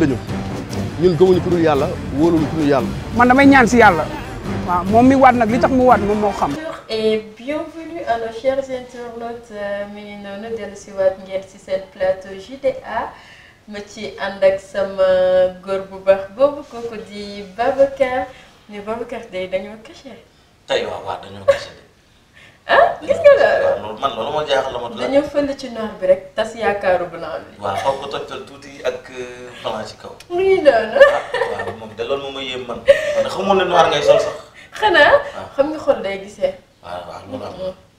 jullit lañu ñun gëmuñu ku dul yàlla wóoluñu ku dul yàlla. man damay ñaan si yàlla. waaw moom mi waat nag li tax mu waat moom moo xam. et bienvenue à euh, mi ngi noonu dellu si waat ngeen si seen plateau JDA ma ci ànd ak sama góor bu baax boobu kooku di Babacar mais Babacar day dañoo caché. tey waaw waaw dañoo caché. ah gis nga loolu. man loolu moo jaaxal la ma. dañoo fënd ci naax bi rek tas yaakaaru blanc bi. waaw xaw tuuti ak euh, blanc ci kaw. mu ngi noonu. Ah, waaw moom de loolu ma yéem man man xamoon ne noir na. xol day gisee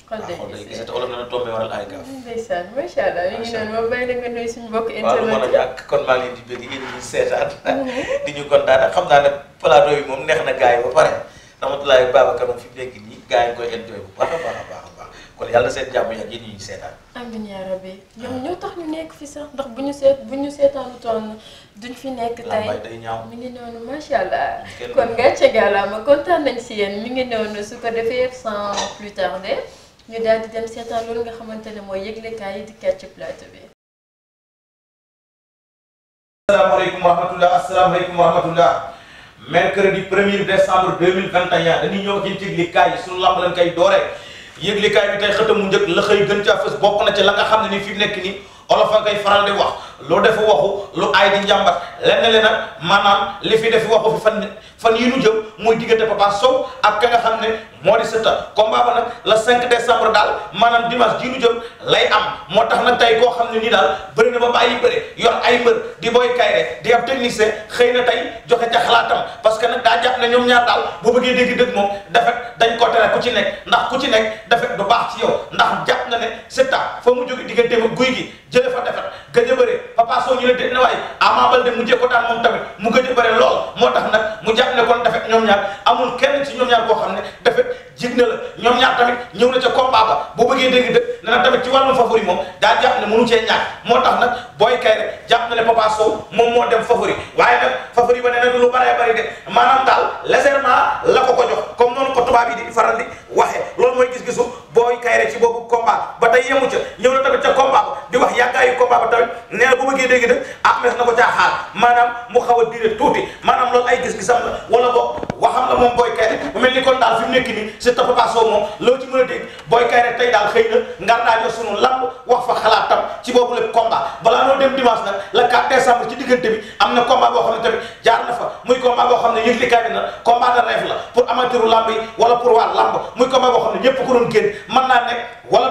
xol day te olof na tombé waral ay gaaf. ndeysaan macha allah ñu ngi noonu ma bàyyi la nga nuyu suñu bokk. a mm-hmm. di ñu seetaan. di xam naa ne plateau yi moom neex na gars yi ba pare Ramatoulaye Babacar moom fi mu nekk gars yi ngi koy enjoy bu baax a baax a baax kon yàlla seen jàmm yàgg yi ñuy seetaan. amiin yaa rabbi ñoom ah. ñoo tax ñu nekk fi sax ndax bu ñu seet bu ñu seetaanu toon duñ fi nekk tey mi ngi noonu macha allah. kon nga ceegaala ma kontaan nañ si yéen mi ngi noonu su ko defee sans plus tarder ñu daal di dem seetaan loolu nga xamante ne mooy yëglekaay yi di kàcc plateau bi. mercredi 1er décembre 2021 dañuy ñëw ak yéen ci yëglikaay yi suñu lamb lañ koy doore yëglikaay bi tey xëtam mu njëkk la xëy gën caa fës bokk na ci la nga xam ne ni fi mu nekk nii olof a koy faral di wax loo defu waxu lu aay di njàmbat lenn lenn maanaam li fi def waxu fi fan fan yi ñu jëm mooy diggante Papa Sow ak ka nga xam ne moo di Siteu combat ba nag le 5 décembre daal maanaam dimanche ji nu jëm lay am moo tax na tey koo xam ne nii daal bëri na ba bàyyi bëri yor ay mbër di booy kayre di ab technicien xëy na tey joxe ca xalaatam parce que nag daa jàpp ne ñoom ñaar daal boo bëggee dégg dëgg moom defet dañ ko tere ku ci nekk ndax ku ci nekk defet du baax ci yow ndax jàpp na ne Siteu fa mu jóge diggante ba guy gi jële fa defet gëj a ñu ne déet na waaye Ama Baldé mu jëkko daan moom tamit mu gëj a bëre lool moo tax nag mu jàpp ne kon defet jig na la ñoom ñaar tamit ñëw na ca combat ba boo bëggee dégg dëgg ne na tamit ci wàllum favori moom daa moo tax nag booy na ne moom moo dem favori waaye nag favori ba nee na lu bëree bëri de maanaam daal légèrement la ko ko jox comme noonu ko tubaab yi di faral di waxee loolu mooy gis-gisu booy kay rek ci boobu combat ba tey yemu ca ñëw na tamit ca combat ba di wax yàggaayu combat ba tamit nee na bu bëggee dégg dëgg ah mees na ko caa xaar maanaam mu xaw a tuuti maanaam loolu ay gis-gisam la wala boog waxam la moom Boy Kaïré mu mel ni kon daal fi mu nekk nii Siteu Papa Sow moom loo ci mën a dégg Boy Kaïré tey daal xëy na ngar daajoo sunu lamb wax fa xalaatam ci boobu lépp combat balaa noo dem dimanche nag le 4 décembre ci diggante bi am na combat boo xam ne tamit jaar du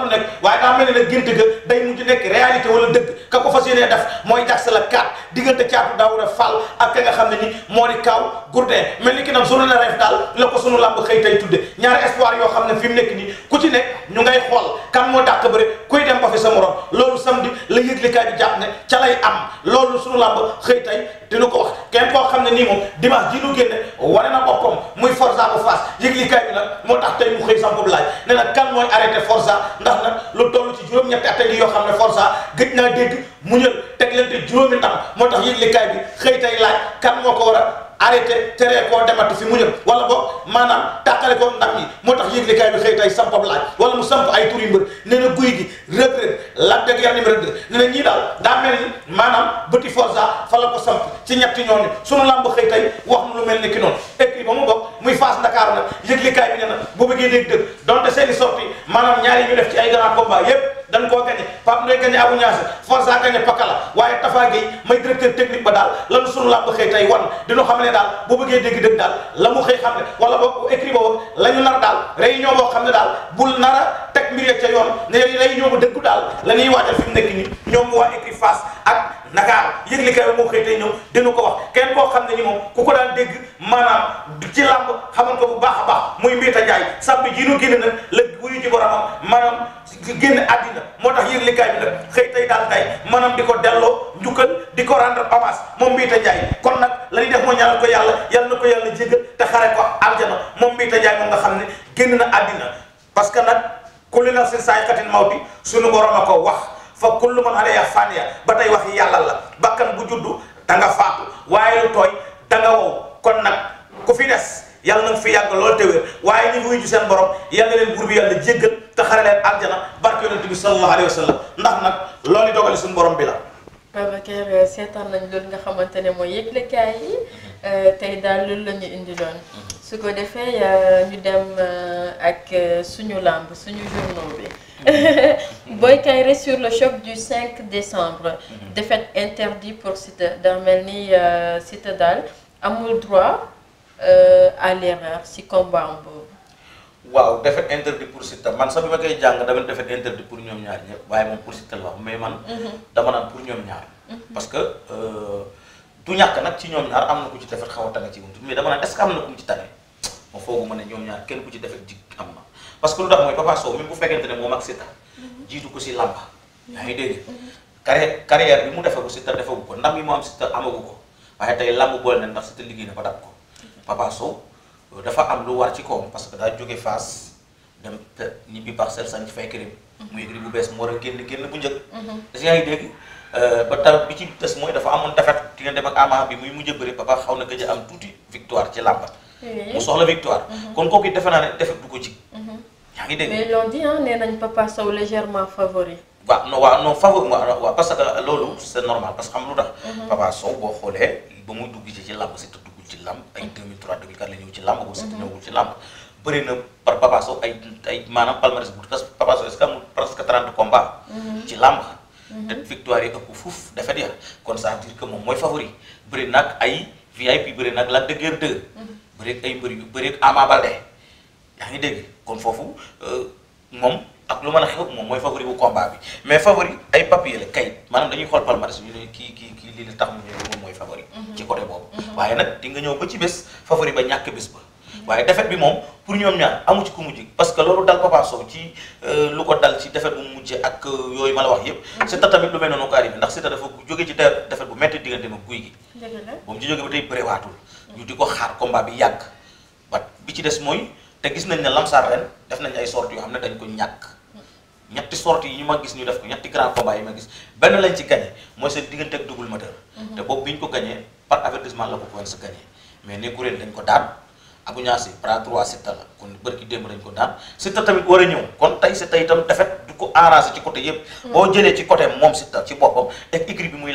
nekk waaye daa mel ne nag gént ga day nekk réalité wala dëgg ka ko fas yéenee def mooy jax la 4 diggante caatu daawura fall ak ka nga xam ne ni moo di journée la reef daal la ko sunu làmb xëy tay tudde ñaari espoir yoo xam ne fi nekk nii ku ci nekk ñu ngay xool kan moo dàq bëre kuy dem ba sa morom loolu samedi la yëglikaay bi jàpp ne ca lay am loolu sunu làmb xëy tay dina ko wax kenn koo xam ne nii moom dimanche ji nu génne wane na boppam muy Forza bu Fass yëglikaay bi nag moo tax tey mu xëy sam boobu laaj ne nag kan mooy arrêté Forza ndax nag lu toll ci juróom-ñetti at yi yoo xam ne Forza gëj naa dégg mu tam moo tax yëglikaay bi xëy tay laaj kan moo ko a arrêté teree koo demati si mu jëm wala boog maanaam tàqale ko ndam moo tax yëglekaay bi xëy tay samp ab laaj wala mu samp ay tur yu mbër nee na guy gi regret laaj dëgg yàlla numéro 2 nee na ñii daal daa mel ni maanaam bëti forza fa la ko samp ci ñetti ñooñu sunu làmb xëy tay wax nu lu mel ni ki noonu et puis ba mu bokk muy Fass Ndakaaru nag bi nee na bu bëggee dégg dëgg donte seen i sorti maanaam ñaari ñu def ci ay grand combat yépp dañ koo gagné Pape Ndoye gagné Abou Niasse Forza gagné Pakala waaye Tafa Gueye may directeur technique ba daal lan sunu làmb xëy tey wan dina xam ne daal bu bëggee dégg dëgg daal la mu xëy xam ne wala boog écrit boobu xam ne daal bul nar a teg yoon ne réunion bu dëggu daal la ñuy waajal fi mu nekk nii ñoom waa écrit face ak Dakar yëg li kay moo xëy tey ñëw dina ko wax kenn koo xam ne ni moom ku ko daal dégg maanaam ci làmb xaman ko bu baax a baax muy Mbiita Njaay sàmm ji nu génn nag ñu wuyu a boromam maanaam génn àddina moo tax yëglekaay bi nag xëy tey daal tey maanaam di ko delloo njukkal di ko rendre hommage moom Mbiita Ndiaye kon nag la ñuy def moo ñaanal ko yàlla yàlla na ko yàlla jéggal te xare ko aljana moom Mbiita Ndiaye moom nga xam ne génn na àddina parce que nag kullu nafsin zaa'iqatul bi suñu borom a ko wax foog kullu man alayha faan ya ba tey wax yàlla la bakkan bu juddu da nga faatu waaye lu tooy da wow kon nag ku fi des yàlla na fi yàgg lool te wér waaye ñi ngi wuyu seen borom yàlla na leen buur yàlla jéggal te xare leen aljana barke yonent bi sallallahu alayhi wa sallam ndax nag loolu dogali suñu bi la Babacar seetaan nañ loolu nga xamante ne mooy yëglekaay yi euh, tey daal loolu la ñu indi doon su ko defee euh, ñu dem euh, ak suñu làmb suñu journal bi Boy Kaïré sur le choc du 5 décembre mhm. défaite interdite pour Siteu daa mel nii ni Siteu daal amul droit Euh, à l'erreur si combat am boobu. waaw défaite interdit pour Siteu man sax bi ma koy jàng dama défaite interdit pour ñoom ñaar ñëpp waaye moom pour Siteu la wax mais man. Mhm. dama naan pour ñoom ñaar. Mhm. parce que euh, du ñàkk nag ci ñoom ñaar am na ku ci défaite xaw a tane ci moom mais dama naan am na ku mu ci tane ma foogu ci défaite ji am na parce que lu bu fekkente ne moom ak Siteu mhm. jiitu ko si làmba. yaa ngi dégg carrière carrière bi mu defee ko Siteu defewu ko ndam yi mu am Siteu amagu ko waaye tey làmb boole na ndax Siteu liggéey na ba dab ko. Papa Sow euh, dafa am lu war ci kawam parce que daa jóge Fass dem te ñibbi Parcelles Assainies fa écurie mhm. muy écurie bu bees mu war a génn génn bu njëkk. Mhm. est euh, bi ci des mooy dafa amoon defet di dem ak bi muy mujj a bëri papa xaw na a am tuuti victoire ci làmba. mu soxla victoire. Mhm. kon defe naa ne defet du ko ci. yaa ngi dégg mais l'on dit ah nee nañ Papa Sow légèrement favori. waaw non waaw non favori waaw parce que loolu c'est normal parce que boo xoolee ba muy dugg ci ci làmb si làmb ay 2003 2004 la ñëw ci làmb. boobu mhm. ci làmb. bëri na par Papa Sow ay ay maanaam palmarès bu tas Papa Sow est que amul presque 30 combats. Mhm. ci làmb. Mhm. te victoire yi ëpp fuuf defet ya kon ça veut dire que moom mooy favori bëri nag ay VIP bëri nag Lac de Guiers 2. bëri ay mbër yu bëri Ama Baldé yaa ngi dégg kon foofu. Euh, moom ak lu man a xew moom mooy favori bu combat bi mais favori ay papier la kayit maanaam dañuy xool palmarès ñu ne mooy favori. Mhm. ci côté mhm. waaye nag di nga ñëw ba ci ba ñàkk bés ba. waaye defet bi moom pour ñoom ñaar amu ci ku mujj parce que loolu dal Papa Sow euh, lu ko dal ci defet bu mu mujj ak euh, yooyu ma la wax yépp mhm. Siteu tamit lu mel noonu ko arrivé ndax Siteu dafa jóge ci moom ci jóge ba tey bëriwaatul. ñu di ko xaar combat bi yàgg ba bi ci des mooy te gis nañ ne lamsaar ren def nañ ay sorties yoo xam ne dañ ko ñàkk ñetti sorties yi ñu ma gis ñu def ko ñetti grand combat yi ma gis benn lañ ci gagné mooy seen diggante ak ma moteur. Mhm. te boobu bi ñu ko gagné par avertissement la ko points sa gagné mais ne kuréel dañ ko daan Abou Niassé bras droit Siteu la kon bërki démb dañ ko daan Siteu tamit war a ñëw kon tey Siteu itam defet du ko arrangé ci côté yëpp. Mhm. boo jëlee ci côté moom Siteu ci boppam ak écurie bi muy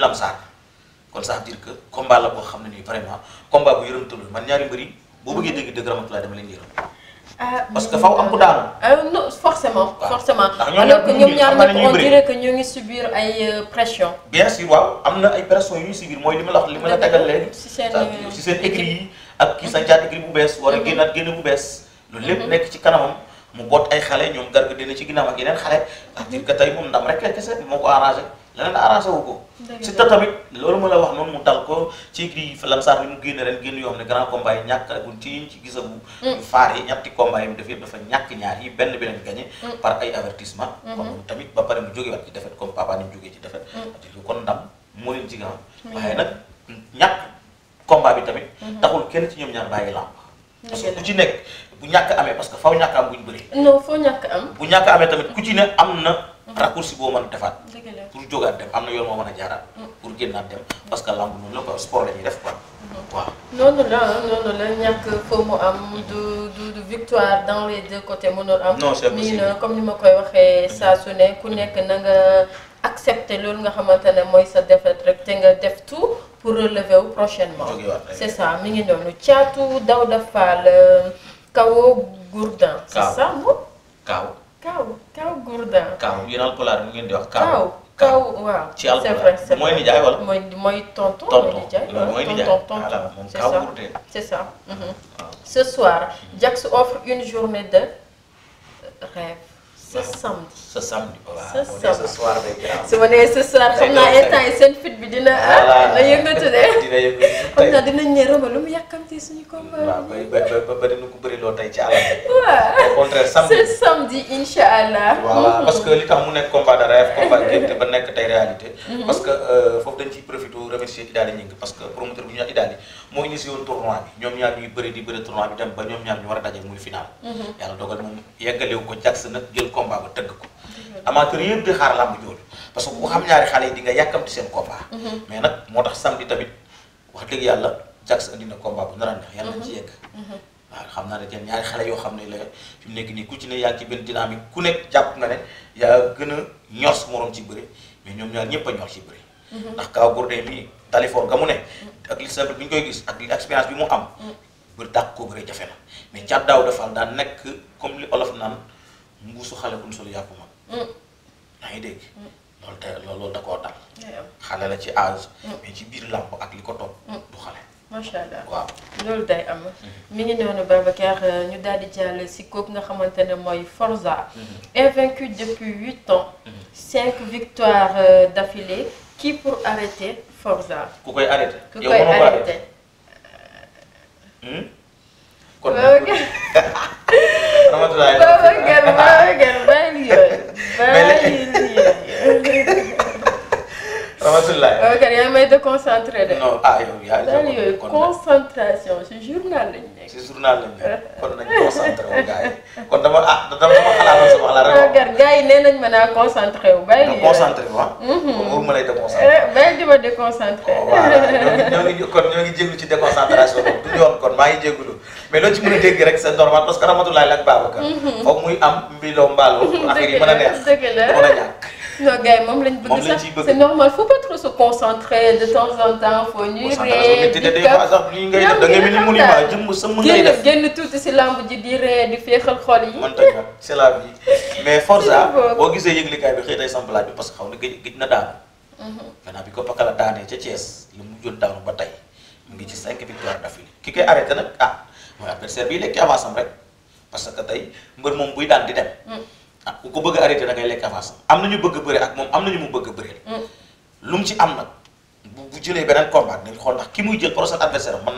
kon ça veut dire que combat xam ne nii vraiment combat ñaari mbër yi boo bëggee dégg Ah, parce que faw am ku daanu. Euh, euh, non forcément. forcément alors que ñoom ñaar ñëpp on dirait que ñoo ngi subir ay euh, pression bien sûr waaw am na ay pression yu ñuy subir mooy li ma la wax li ma la tegal léegi. si seen si seen écrit yi ak kii sàncaat écrit bu bees war a mhm. bu bees. loolu lépp mhm. nekk ci kanamam mu boot ay xale ñoom garab dina ci ginnaaw ak yeneen xale. c'est-à-dire que tey moom ndam moo ko arrangé. leneen arrangé wu ko. si loolu ma la wax noonu mu dal ko ci di lamsaar bi mu génn ren génn yoo xam ne grand combat yi ñàkk rek ci ci gisagu. Mm. faar yi ñetti combat yi mu def yëpp ñàkk ñaar yi benn bi leen mm. mm-hmm. tamit ba pare mu jógee waat ci defet comme papa ni mu jógee ci defet. Mm. kon ndam moo leen ci gaaw. Mm-hmm. waaye nag ñàkk combat bi tamit. Mm-hmm. taxul kenn ci ñoom ñaar bàyyi làmb. parce que ku ci nekk bu ñàkk amee parce que faw ñàkk am bu ñu bëree. bu ñàkk amee tamit ku ci ne am na raccourci boo mën a defaat. jógaat dem am na yoon moo mën a jaaraat mm. pour génnaat dem parce que lamb noonu la quoi sport la ñuy def quoi dans les deux côtés mënul am nii na comme ni ma koy waxee mm-hmm. saa su ne ku nekk na nga accepter loolu nga xamante ne mooy sa défaite rek te nga def tout pour relever wu prochainement c'est ça mi ngi noonu caatu Daouda Fall euh, Kawo Gourdin c'est ça moom Gourdin Kaaw yéen alpulaar mu ngeen di wax Kaaw kaw waaw ci alxuraan mooy nijaay wala. mooy mooy tonton mooy nijaay mooy tonton tonton c'est ça c'est mhm. ça. ce soir Jax offre une journée de rêve. ce samedi ce samedi. waaw bu dee su ma nee ce soir xam naa instant yi seen fit bi dina. Ah, voilà mu yàkkamtee suñu combat. waaw ba ba ba ba dina ko bëri loo samedi ce allah. parce que li tax mu nekk combat de rêve combat gént ba nekk tey réalité. Mhm. parce que euh, foofu dañ ciy profité remercier Idaali Ñing parce que promoteur bu ñu wax Idaali moo initié woon tournoi bi ñoom ñaar ñuy bëri di bëri tournoi bi dem ba ñoom ñaar ñu war a daje muy final. Mhm. yàlla dogal moom yeggalewu ko jax nag jël ko combat ba tëgg ko amateur yëpp di xaar làmb jooju ku di nga yàkkamti seen combat mhm. moo tax samedi tamit wax dëgg yàlla Jax indi na combat bu nar a neex yàlla nañ ci mhm. yegg mhm. waaw yoo xam ne la fi mu nekk nii ku ci ne yaa ngi ci benn dynamique ku nekk jàpp nga ne yaa gën a ñor sa bëri mais ñoom ñaar ñëpp a ñor ci bëri ndax kaw Gourdin mii talifoor ga mu ne bi ñu koy gis expérience bi mu am bëri dàq koo bëri jafe na mais cat daaw dafa daan nekk comme li olof naan mbuusu xale bu ñu sol yàpp ma. Mm. yaa ngi dégg. Mm. loolu te loolu da koo dal. xale la ci âge. Mm. mais ci biir làmb ak li ko topp. du xale. macha waaw loolu day am mm-hmm. mi ngi noonu Babacar ñu daal di jàll si kooku nga xamante ne mooy Forza. Mm-hmm. invaincu depuis huit ans. Mm-hmm. cinq victoires euh, d'affilée qui pour arrêter Forza. ku koy arrêter ku koy arrêter. Hmm? kon ramatulaay Babacar Babacar bàyyi yooyu ramatulaay Babacar yaa may déconcentré de. non ah yow yaa concentration si journal lañu ci journal lañ kon nañ concentré wu gars yi kon dama ah dama xalaatoon sama xalaat rek. waaw gar gars yi nañ ma naa concentré wu. bàyyi lii concentré wu ah. mhm. ma lay déconcentré. Eh, bàyyi di ma déconcentré. Oh, ñoo ngi kon ñoo ngi jégalu ci déconcentration boobu du yoon kon maa ngi jégalu mais loo ci mën a dégg rek c'est normal parce que Ramatoulaye ak Babacar. Mhm. foog muy am mbiloo mbaaloo. dëgg la affaire yi mën a neex mën non gars yi moom lañ bëgg sax normal faut pas concentrer de temps en temps faut ñuy ree di këpp génn tuuti si lamb ji di ree di féexal xol yi. c'est la vie mais Forza boo gisee yëglikaay bi xëy tay samp bi parce que xaw na gëj gëj na daanu. Mhm. maintenant bi ko Pakala daanee ca Thiès lu mu jot daanu ba tey mu ngi ci cinq victoire d'affilée ki koy ah mooy adversaire bi lekk avance am rek parce que tey mbër moom buy daan di dem. Mm. ah ku ko bëgg a arrêté da ngay lekk am na ñu bëgg bëri ak moom am na ñu mu bëgg a bëreel. Mm. lu mu ci am nag bu bu jëlee beneen combat dañ xool ndax ki muy jël prochain adversaire mën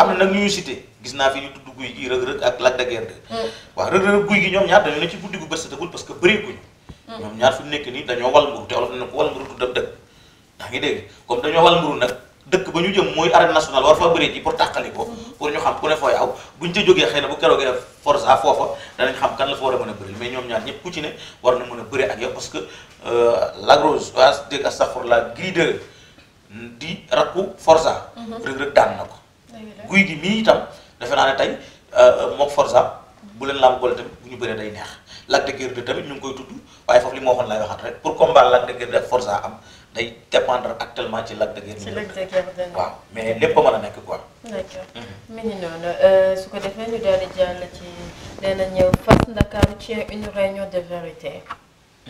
am na ñu ñu gis naa fi ñu tudd guy gi rëg rëg ak Lac de Guiers 2. rëg rëg guy gi ñoom ñaar dañu ne ci guddi gu bës dëggul parce que bëree guñu. Mm. ñoom ñaar fu mu nekk nii dañoo wal mburu te olof na ko wal mburu du dem dëgg ngi dégg comme dañoo wal mburu nag dëkk ba ñu jëm mooy arène nationale war fa bëri ji pour tàqali ko mhm. pour ñu xam ku ne fooy aw buñ ca jógee xëy na bu keroogee force à foofa danañ xam kan la fa war a mën a bëri mais ñoom ñaar ñëpp ku ci ne war na mën a bëri ak yow parce que euh, lagrose as di rakku forsa mhm. Reug Reug daan na ko guy gi mii itam defe naa ne tey euh, mook forza bu leen laam boole tamit bu ñu bëree day neex Lac de Guiers 2 tamit ñu ngi koy tudd waaye foofu li ma waxoon laay waxaat pour combat Lac de Guiers 2 day dépendre actuellement ci Lac dëgg Guiers. ci Lac de waaw mais lépp mën a nekk ko d'accord mhm. mi ngi euh, su ko defee ñu daal di jàll ci dana ñëw Fass Ndakaaru ci une réunion de vérité.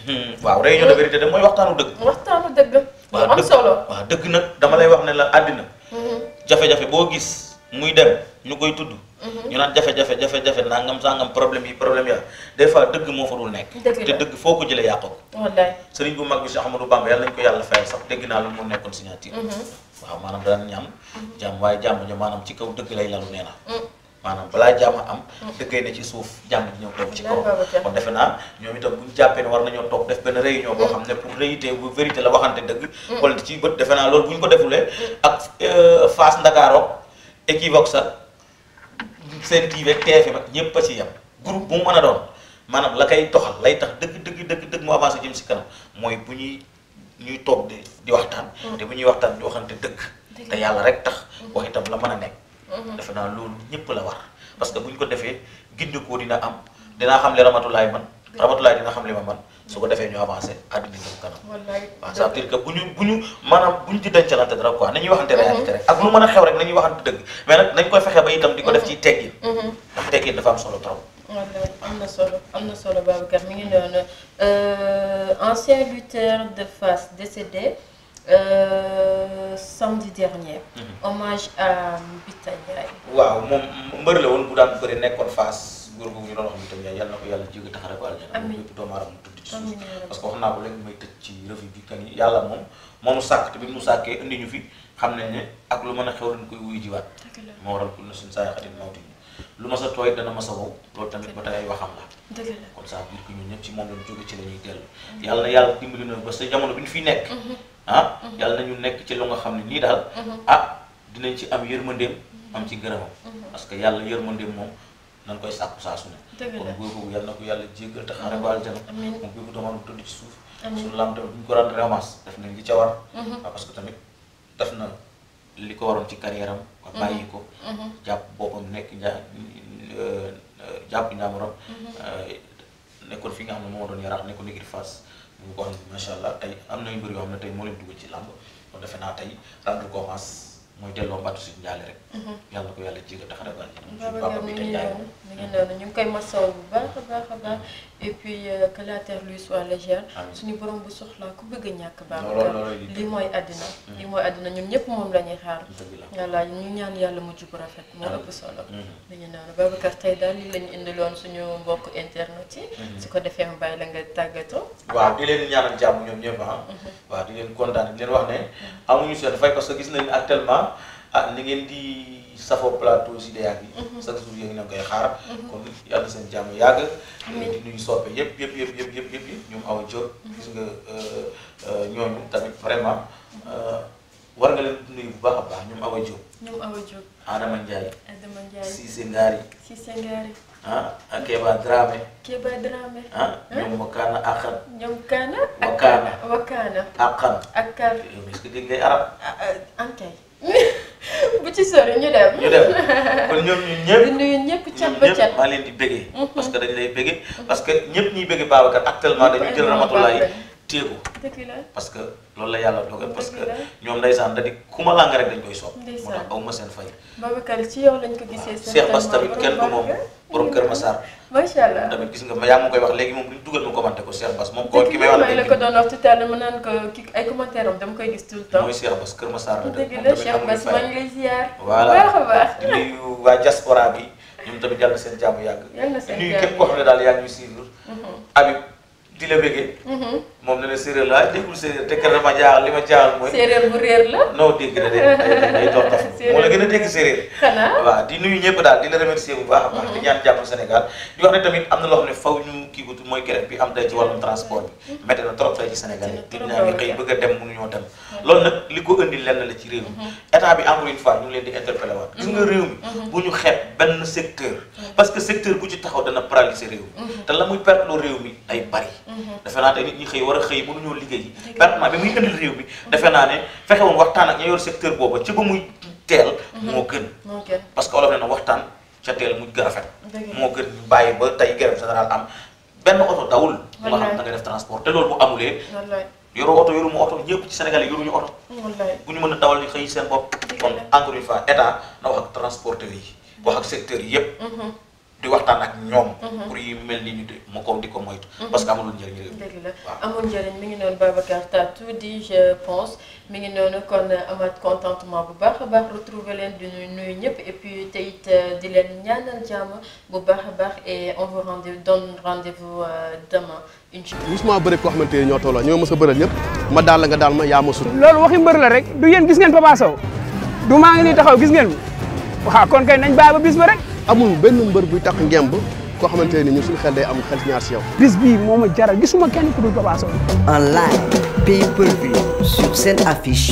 Mhm. waaw réunion de vérité de waxtaanu dëgg. waa dëgg. waaw am dëgg nag dama lay wax ne la àddina. Mhm. jafe-jafe boo gis muy dem ñu koy tudd. Mhm. ñu naan jafe-jafe jafe-jafe nangam sangam problème yi problème ya des fois dëgg moo fa dul nekk te dëgg foo ko jëlee yàqu ko wallaay sëriñ bu mag bi si Ahmadou Bamba yàlla nañ ko yàlla fayal sax dégg naa lu mu nekkoon signature mhm. waaw maanaam daan ñam jàmm waaye jàmm ja maanaam ci kaw dëgg lay lalu nee na mm. maanaam balaa jàmm am mm. dëggay na ci suuf jàmm ji ñëw toog ci kaw kon defe naa ñoom itam bu jàppee ne war nañoo toog def benn réunion boo mm. xam ne pour réité bu vérité la waxante dëgg xool ci bët defe naa loolu ñu ko defulee ak euh, Fass Ndakaarook Equivox sa seen TV TFM ak ñëpp a ci yem groupe bu mu mën a doon maanaam la kay toxal lay tax dëgg dëgg dëgg dëgg mu avancé jëm ci kanam mooy bu ñuy ñuy toog di di waxtaan. Mm. te bu ñuy waxtaan di waxante dëgg. te yàlla rek tax. Mm. wax itam la mën a nekk. Mm-hmm. defe naa loolu ñëpp la war parce que bu ñu ko defee koo dina am dinaa xam li ramatulaay man ramatulaay dina xam li ma man su ko defee ñu avancé àddina jëm kanam waaw bu ñu bu ñu maanaam bu ñu di dencalante dara quoi nañuy waxante mhm. réalité rek ak lu mën a xew rek nañuy waxante dëgg mais nag nañ koy fexe ba itam di ko def mhm. ci teggin mhm. ndax teggin dafa am solo trop wallaay am na solo am na solo Babacar mi ngi noonu euh, ancien lutteur de Fass décédé Euh, samedi dernier. hommage à Mbita Ndiaye. waaw moom mbër la woon bu daan bëri nekkoon Fass. góor a ñu doon wax tamit yàlla na ko yàlla jéggi taxare ko aljana lépp doomu aadama tudd ci suuf parce que wax naa ko léegi may tëj ci revue bi kan yàlla moom moo nu sàkk te bi mu sàkkee indi ñu fi a moom lañ jóge ci la dellu yàlla yàlla dimbali na ba sa jamono bi ñu fiy nekk mhm. Ah, mhm. yàlla nañu nekk ci lu nga xam ne nii daal mhm. ah dinañ ci am yërmandeem am ci gërëmam parce que yàlla yërmandeem moom nan koy sàkku saa su ne kon góor yàlla na ko yàlla jéggal te xaaral ko aljana moom mu doon ci suuf suñu tamit bu ñu ko rendre remas def na li ca war mhm. ah, parce que tamit def na li ko waroon ci carrière am nga mhm. bàyyi ko mhm. jàpp boppam nekk njaa euh, euh, jàpp njaamuram euh, nekkoon fi nga xam ne moo doon yaraax nekkoon écurie mu ko xam ne allah tey am nañu mbir yoo xam ne tey moo leen dugg ci làmb kon defe naa tey ko commence mooy delloo mbattu suñu njaale rek. Mhm. yàlla na ko yàlla jiital taxara baal suñu papa bi te njaay moom. mi ngi noonu ñu ngi koy masaw bu baax a baax a baax et puis euh, que la terre lui soit légère. suñu borom bu soxlaa ku bëgg a ñàkk baax. lii mooy àddina. Mhm. lii mooy àddina ñun ñëpp moom la ñuy xaar. yàlla ñu ñaan yàlla mujj bu rafet moo ëpp solo. Mhm. mi ngi noonu Babacar tey daal lii lañu indiloon suñu mbokk internet yi. su ko defee mu bàyyi la nga tàggatoo. waaw di leen ñaanal jàmm ñoom ñëpp ah. waaw di leen kontaan di leen wax ne amuñu seen fay parce que gis nañu actuellement ah li ngeen di safo plateau Sidéa bi mhm. chaque jour yéen a koy xaar mhm. kon yàlla seen jàmm yàgg di nuyu soppe yëpp yëpp yëpp yëpp yëpp yëpp ñoom aw jot mhm. gis nga euh, euh, ñooñu tamit vraiment euh, war nga leen nuyu bu baax a baax ñoom awa Diop. ñoom awa Diop. Adama Ndiaye. Adama Ndiaye Cissé Ngari. Cissé Ngari. ah ak Kéba Dramé. Kéba Dramé. ah ñoom Wakana Akhan. ñoom Kaana. Wakana Wakana. Akhan. Akhan. est-ce que dégg ngay arab. ah ci sori ñu dem. ñu def kon ñoom ñun ñëpp. di nuyu ñëpp cat ba cat leen di bëggee. Mhm. parce que dañ lay bëggee. parce que ñëpp ñuy bëggee Babacar actuellement dañu jël Ramatoulaye téye ko parce que loolu la yàlla dogal parce que ñoom ndeysaan da di ku ma làng rek dañ koy soob moo tax aw ma seen fay Babacar ci yow lañ ko gisee Cheikh Bass tamit kenn du moom borom Kër Massar macha allah tamit gis nga ma yaa ngi koy wax léegi moom duñ dugal ma commenté ko Cheikh Bass moom ko ki may wax la ko doon wax tout à l'heure ma naan ko ki ay commentaire am dama koy gis tout le temps mooy Cheikh Bass Kër Massar la dëgg la Cheikh Bass maa ngi lay ziar voilà baax a baax di nuyu waa diaspora bi ñoom tamit yàlla na seen jàmm yàgg yàlla na seen jàmm yàgg nuyu képp koo xam ne daal yaa ngi suivre mhm. Habib di la bëggee. Mm-hmm. moom nee na séeréer li ma na de a dégg séeréer. xanaa waaw di nuyu ñëpp daal di la remercier bu baax a baax. di mm-hmm. ñaan jàmm Sénégal di tamit am na loo xam ne faw ñu kii ko mooy grève bi am day ci wàllum transport bi. Mm-hmm. métti na trop tey ci Sénégal yi. dina ngi xëy bëgg a dem mënuñoo dem. loolu nag li ko indi lenn la ci réew mi. état bi encore une fois ñu ngi leen di interpellé waat. gis nga réew mi bu ñu xeeb benn secteur. parce que secteur bu ci taxaw dana paralyser réew mi te la muy perte loo réew mi day bari Mm-hmm. defe naa tey nit ñi xëy war a xëy mënuñoo liggéey pratiquement bi muy indil réew bi defe naa ne fexe woon waxtaan ak ña yor secteur booba ci ba muy teel mm-hmm. moo gën parce que olof ne na waxtaan ca teel mujj ga rafet moo gën bàyyi ba tey grève générale am benn oto dawul bu nga xam da nga def transport te loolu bu amulee yoroo oto yoru mu oto ñëpp ci Sénégal yi yoruñu oto bu ñu mën a dawal ñu xëy seen bopp kon encore une fois état na wax ak transporteurs yi wax ak di waxtaan ak ñoom. Mhm. pour yu mel ni ñu de mu ko di ko moytu. Mhm. parce que amul njëriñ réew mi. dëgg la amul mi ngi noonu Babacar t'as tout dit je pense mi ngi noonu kon amaat contentement bu baax a baax retrouver leen di nuyu ñëpp et puis te it euh, di leen ñaanal jàmm bu baax a baax et on vous rendez rendez-vous euh, demain incha allah. bëri koo xamante ñoo tolloo ñoo mës a bëral ma daal la nga daal ma yaa ma sut. loolu waxi mbër la rek du yéen gis ngeen Papa du maa amul benn mbër buy tax ngemb koo xamante ne ñun suñu xel day am xel ñaar si yow. bis bii moo ma jaral gisuma kenn ku dul Papa Sow. en live pay per view sur seen affiche.